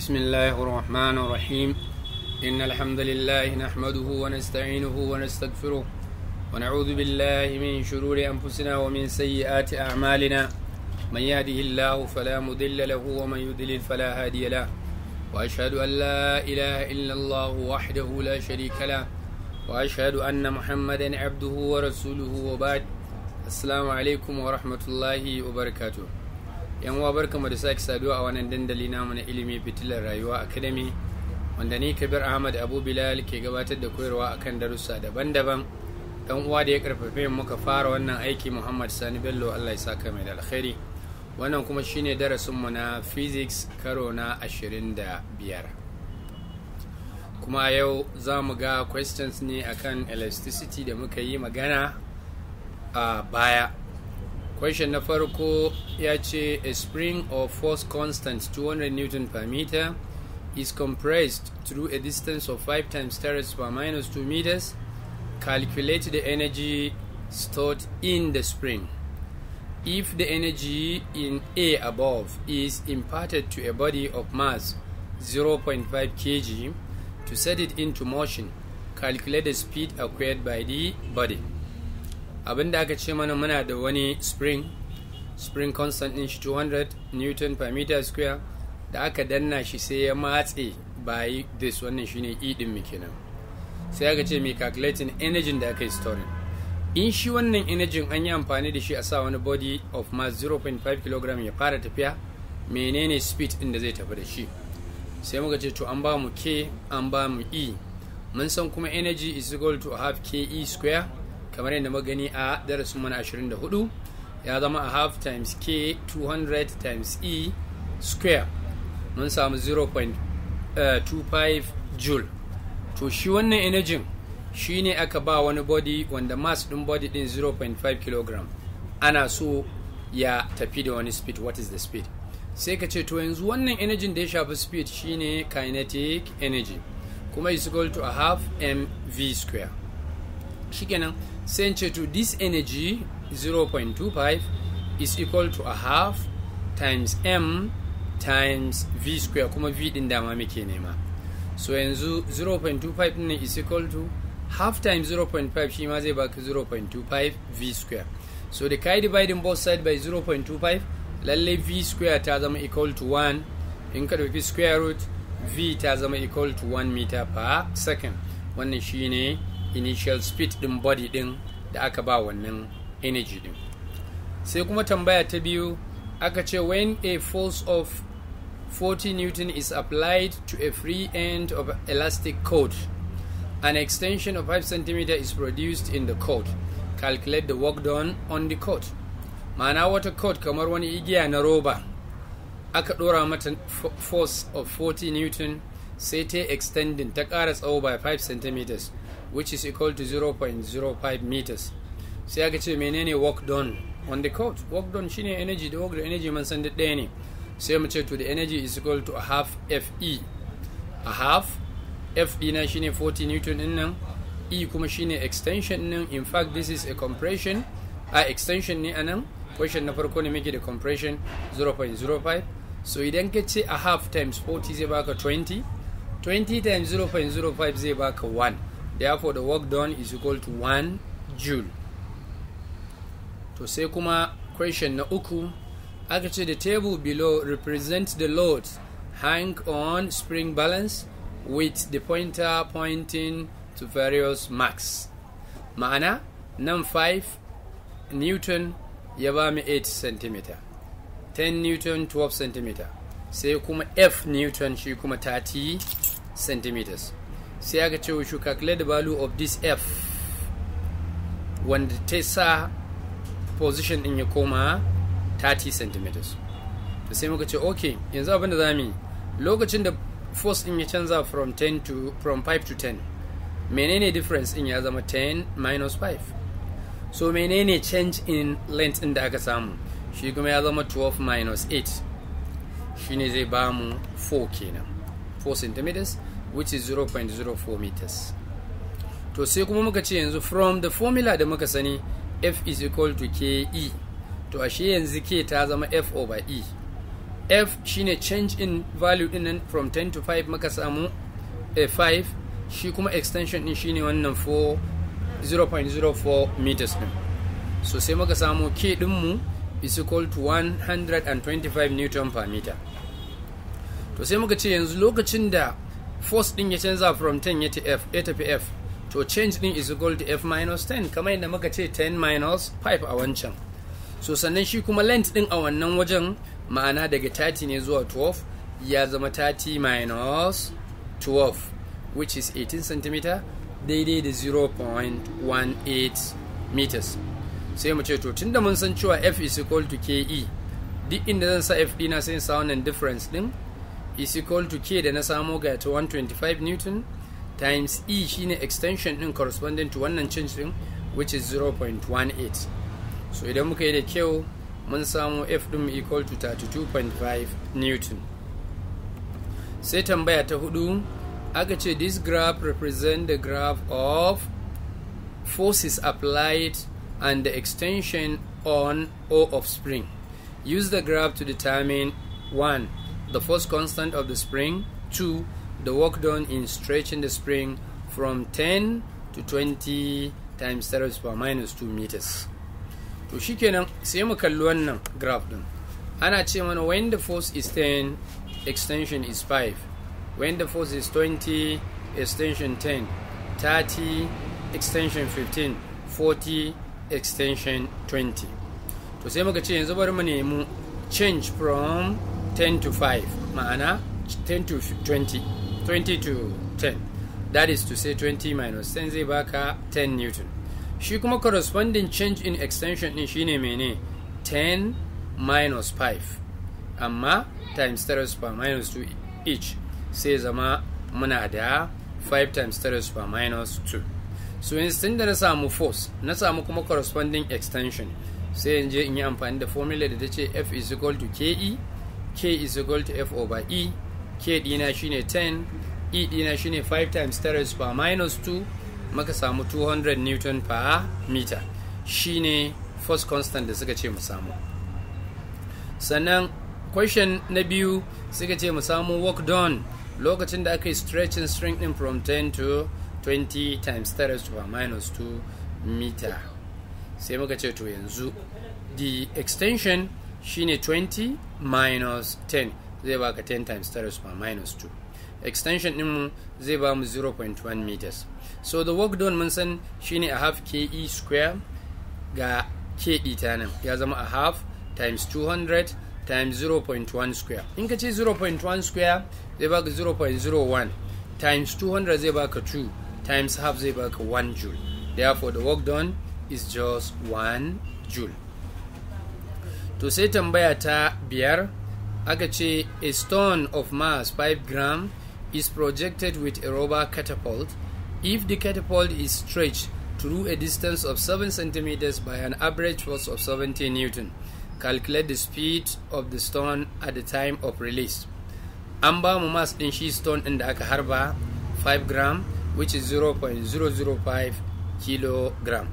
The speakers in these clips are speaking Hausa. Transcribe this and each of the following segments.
بسم الله الرحمن الرحيم إن الحمد لله نحمده ونستعينه ونستغفره ونعوذ بالله من شرور أنفسنا ومن سيئات أعمالنا من يهده الله فلا مضل له ومن يضلل فلا هادي له وأشهد أن لا إله إلا الله وحده لا شريك له وأشهد أن محمدا عبده ورسوله وبعد السلام عليكم ورحمة الله وبركاته yan uwa mu da sake saduwa a wannan dandali namu na ilimi fitilar rayuwa academy wanda ni kabir ahmad abu bilal ke gabatar da koyarwa akan darussa daban-daban dan uwa da ya karfafe muka fara wannan aiki muhammad sani bello allah ya saka mai da alkhairi wannan kuma shine darasin mu na physics karo na 25 kuma yau za mu ga questions ne akan elasticity da muka yi magana a baya question na farko ya ce a spring of force constant 200 newton per meter is compressed through a distance of 5 times 10 per minus 2 meters calculate the energy stored in the spring if the energy in a above is imparted to a body of mass 0.5 kg to set it into motion calculate the speed acquired by the body Abin da aka ce mana muna da wani spring spring constant inch shi 200 newton per meter square da aka danna shi sai ya matse by this wannan shine e din mu kenan sai aka ce mai calculating energy da aka yi storing in shi wannan energy an yi amfani da shi a sa wani body of mass 0.5 kg ya fara tafiya menene speed inda zai tafi da shi sai muka ce to an ba mu k an ba mu e mun san kuma energy is equal to half ke square kamar yadda magani a darasin mana 24 ya zama a half times k 200 times e square mun samu 0.25 eh, joule to shi wannan energy shi ne aka ba wani body wanda mass din body din 0.5 kg ana so ya tafi da wani speed what is the speed sai ka ce to yanzu wannan energy da ya shafi speed shine kinetic energy kuma is equal to a half mv square shikenan sent to this energy 0.25 is equal to a half times m times v square kuma v din dama muke nema so yanzu 0.25 ne is equal to half times 0.5 shi ma zai baka 0.25 v square so the kai dividing both side by 0.25 lalle v square ta zama equal to 1 in ka dauki square root v ta zama equal to 1 meter per second wannan shine initial speed din body din da aka ba wannan energy din sai kuma tambaya ta biyu aka ce when a force of 40 newton is applied to a free end of elastic coat an extension of 5 cm is produced in the coat calculate the work done on the coat. ma'ana wata coat kamar wani igiya na roba aka dora mata force of 40 newton sai ta extending ta ƙara tsawo by 5 cm which is equal to 0.05 meters sai aka ce menene work done on the court work done shine energy da work da energy man san ɗaya ne sai mu ce to the energy is equal to a half fe a half fe na shine 40 newton din nan e kuma shine extension nan in fact this is a compression a extension ne anan question na farko ne muke da compression 0.05 so idan ka ce a half times 40 zai baka 20 20 times 0.05 zai baka 1 therefore the work done is equal to 1 joule to sai kuma question na uku aka ce the table below represents the load hang on spring balance with the pointer pointing to various marks ma'ana nan 5 newton ya ba mu 8 cm 10 newton 12 cm sai kuma f newton shi kuma 30 centimeters sai aka ce we should calculate the value of this f wanda ta sa position din ya koma 30 cm to sai muka ce ok yanzu abinda za mu yi lokacin da force din ya canza from 10 to from 5 to 10 menene difference din ya zama 10 minus 5 so menene change in length din da aka samu shi kuma ya zama 12 minus 8 shine zai bamu 4 kenan 4 centimeters which is 0.04 meters to sai kuma muka ce yanzu from the formula da muka sani f is equal to ke to ashe yanzu k ta zama f over e f shine change in value din from 10 to 5 muka samu a eh, 5 shi kuma extension din shine wannan 0.04 meters din so sai muka samu k dinmu is equal to 125 newton per meter to sai muka ce yanzu lokacin da force din ya canza from 10 ya f tafi f to change din is equal to f minus 10 kamar yadda muka ce 10 minus 5 a wancan so sannan shi kuma length din a wannan wajen ma'ana daga 30 ne zuwa 12 ya zama 30 minus 12 which is 18 cm daidai da 0.18 meters sai mu ce to tunda mun san cewa f is equal to ke duk inda zan sa f dina sai in sa wannan difference din is equal to k da na samo ga ta 125 newton times e shine extension din corresponding to wannan change din which is 0.18 so idan muka yi da kyau mun samo f din equal to 32.5 newton sai tambaya ta hudu aka ce this graph represent the graph of forces applied and the extension on o of spring use the graph to determine 1 the first constant of the spring. 2. The work done in stretching the spring from 10 to 20 times 10 per minus 2 meters. To shikenan sai mu kalli wannan graph din. Ana ce mana when the force is 10, extension is 5. When the force is 20, extension 10. 30, extension 15. 40, extension 20. To sai muka ce yanzu bari mu nemi change from 10 to 5 ma'ana 10 to 20 20 to 10 that is to say 20 minus 10 zai baka 10 newton shi kuma corresponding change in extension din shine mene 10 minus 5 amma times 3 super minus 2 each sai zama muna da 5 times 3 super minus 2 so instead da na samu force na samu kuma corresponding extension sai in je in yi amfani da formula da ta ce f is equal to ke k is equal to f over e k dina shine 10 e dina shine 5 times 10 raised power minus 2 maka samu 200 newton per meter shine first constant da suka ce mu samu sannan question na biyu suka ce mu samu work done lokacin da aka yi stretching string din from 10 to 20 times 10 raised power minus 2 meter sai muka ce to yanzu the extension shine 20 minus 10 zai baka 10 times 10 super minus 2 extension dinmu zai ba mu 0.1 meters so the work done mun san shine a half ke e square ga ke e ta nan ya zama a half times 200 times 0.1 square in ka ce 0.1 square zai baka 0.01 times 200 zai baka 2 times half zai baka 1 joule therefore the work done is just 1 joule to sai tambaya ta biyar aka ce a stone of mass 5 gram is projected with a rubber catapult if the catapult is stretched through a distance of 7 centimeters by an average force of 70 newton calculate the speed of the stone at the time of release an ba mu mass din shi stone din da aka harba 5 gram which is 0.005 kilogram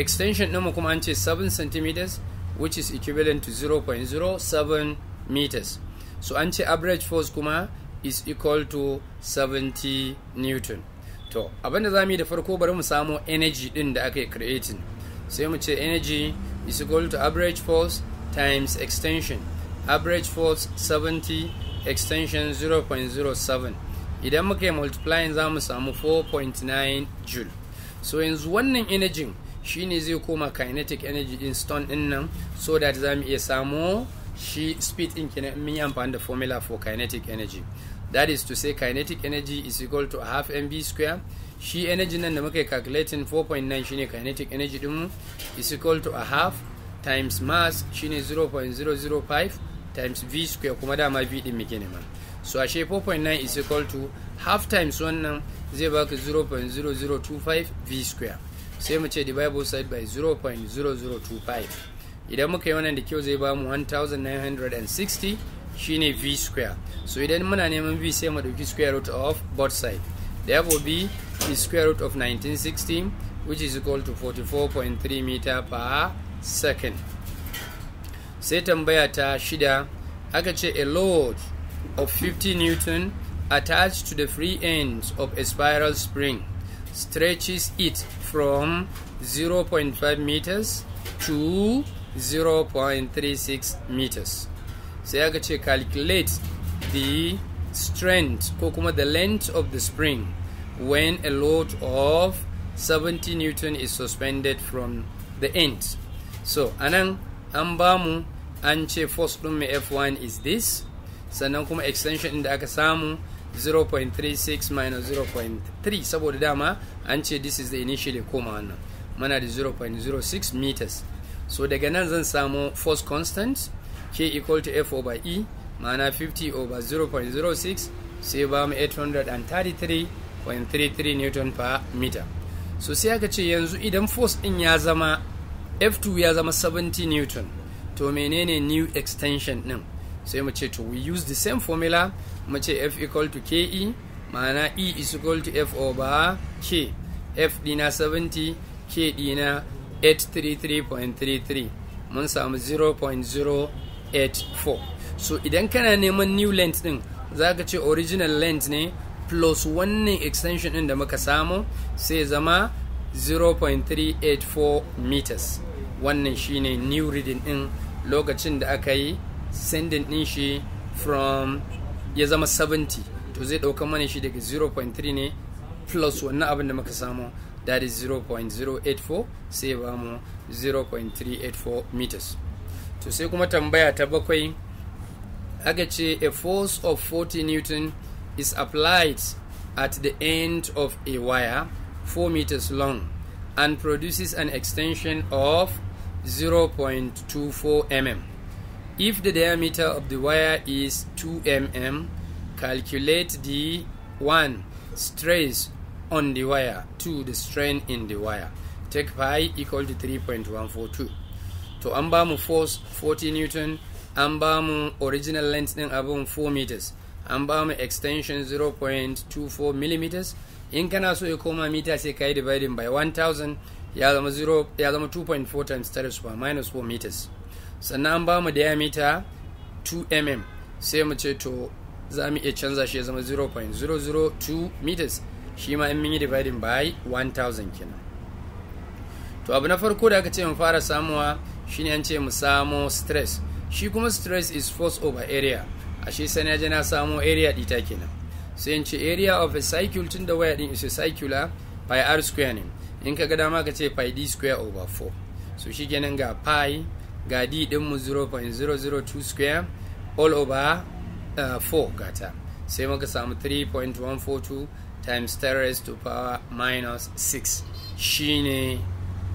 extension mu kuma an ce 7 centimeters which is equivalent to 0.07 meters so an ce average force kuma is equal to 70 newton to abinda za mu yi da farko bari mu samu energy din da aka yi creating sai mu ce energy is equal to average force times extension average force 70 extension 0.07 idan muka yi multiplying za mu samu 4.9 joule so yanzu wannan energy shine zai koma kinetic energy din stone din nan so that za mu iya samo shi speed in kina mun yi amfani da formula for kinetic energy that is to say kinetic energy is equal to a half mv square shi energy nan da muka yi calculating 4.9 shine kinetic energy mu is equal to a half times mass shine 0.005 times v square kuma dama v din muke nema so ashe 4.9 is equal to half times wannan zai baka 0.0025 v square sai mu ce the bible side by 0.0025 idan muka yi wannan da kyau zai bamu 1960 shine v square so idan muna neman v sai mu dauki square root of both side therefore b is square root of 1960 which is equal to 44.3 meter per second sai tambaya ta shida aka ce a load of 50 newton attached to the free ends of a spiral spring stretches it from 0.5 meters to 0.36 meters sai aka ce calculate the strength ko kuma the length of the spring when a load of 70 newton is suspended from the end so anan an bamu an ce force ɗin mai f1 is this sannan kuma extension da aka samu 0.36 minus 0.3 saboda dama an ce this is the initial koma wannan mana da 0.06 meters so daga nan zan samu force constant k equal to f over e mana 50 over 0.06 sai ba mu 833.33 newton per meter so sai aka ce yanzu idan force din ya zama f2 ya zama 70 newton to menene new extension din sai mu ce to we use the same formula mu ce f equal to ke ma'ana e is equal to f over k f dina 70 k dina 833.33 mun samu 0.084 so idan kana neman new length din za ka ce original length ne plus wannan extension din da muka samu sai zama 0.384 meters wannan shine new reading din lokacin da aka yi sending din shi from ya zama 70 to zai ɗauka mana shi daga 0.3 ne plus wannan abin da muka samu that is 0.084 sai ba mu 0.384 meters to sai kuma tambaya ta bakwai aka ce a force of 40 newton is applied at the end of a wire 4 meters long and produces an extension of 0.24 mm If the diameter of the wire is 2 mm, calculate the 1 stress on the wire, 2 the strain in the wire. Take pi equal to 3.142. To ambamu force 40 Newton, ambamu original length din abon 4 meters, ambamu extension 0.24 millimeters. In kana so ya koma mita sai ka dividing by 1000 ya zama 2.4 times 3 minus 4 meters. sannan an ba mu diameter 2 mm sai mu ce to za mu iya canza shi ya zama 0.002 meters shi ma in mini dividing by 1000 kenan to abu na farko da aka ce mu fara samuwa shine an ce mu samo stress shi kuma stress is force over area ashe shi sani je na samo area dita kenan sai in ce area of a cycle tun da waya din is a circular pi r square ne in ka ga dama ka ce pi d square over 4 so shi kenan ga pi ga d dinmu 0.002 square all over uh, 4 gata sai muka samu 3.142 times 10 raised to power minus 6 shine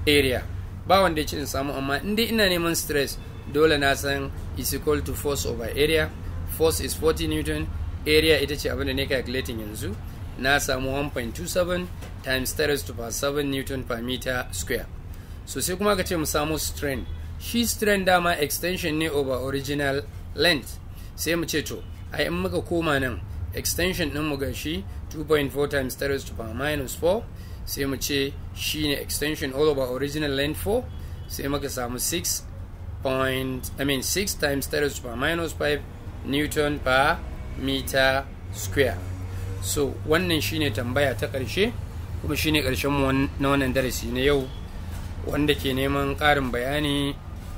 area ba wanda ya samu amma inda ina neman stress dole na san is equal to force over area force is 40 newton area ita ce abinda ne calculating yanzu na samu 1.27 times 10 raised to power 7 newton per meter square so sai kuma ka ce mu samu strength shi strand dama extension ne over original length sai mu ce to a in muka koma nan extension ɗin mu ga shi 2.4 times 3 to power minus 4 sai mu ce shi ne extension all over original length 4 sai muka samu 6 point I mean 6 times 10 to power minus 5 newton per meter square so wannan shine tambaya ta ƙarshe kuma shine ƙarshen na wannan darasi na yau wanda ke neman ƙarin bayani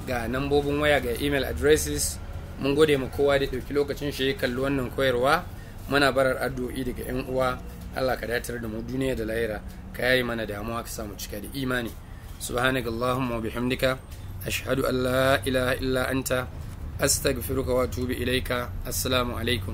ga nambobin waya ga email addresses mun gode ma kowa da ɗauki lokacin shi kalli wannan koyarwa muna barar addu'o'i daga 'yan uwa Allah ka datar da mu duniya da lahira ka yayi mana damuwa ka samu cika da imani subhanaka allahumma wa bihamdika ashhadu an la ilaha illa anta astaghfiruka wa atubu ilaika assalamu alaikum